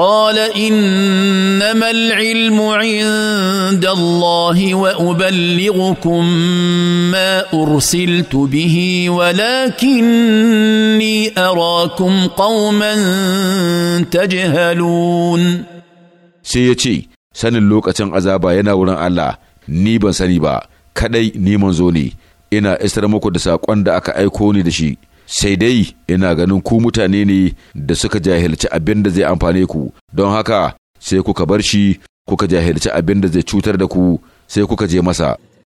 قال انما العلم عند الله وابلغكم ما ارسلت به ولكني اراكم قوما تجهلون sai ya ce sanin lokacin azaba yana wurin Allah ni ban sani ba kaɗai ni zo ne ina isar muku da saƙon da aka aiko ni da shi sai dai ina ganin ku mutane ne da suka jahilci abin da zai amfane ku don haka sai kuka bar shi kuka jahilci abin da zai cutar da ku sai kuka je masa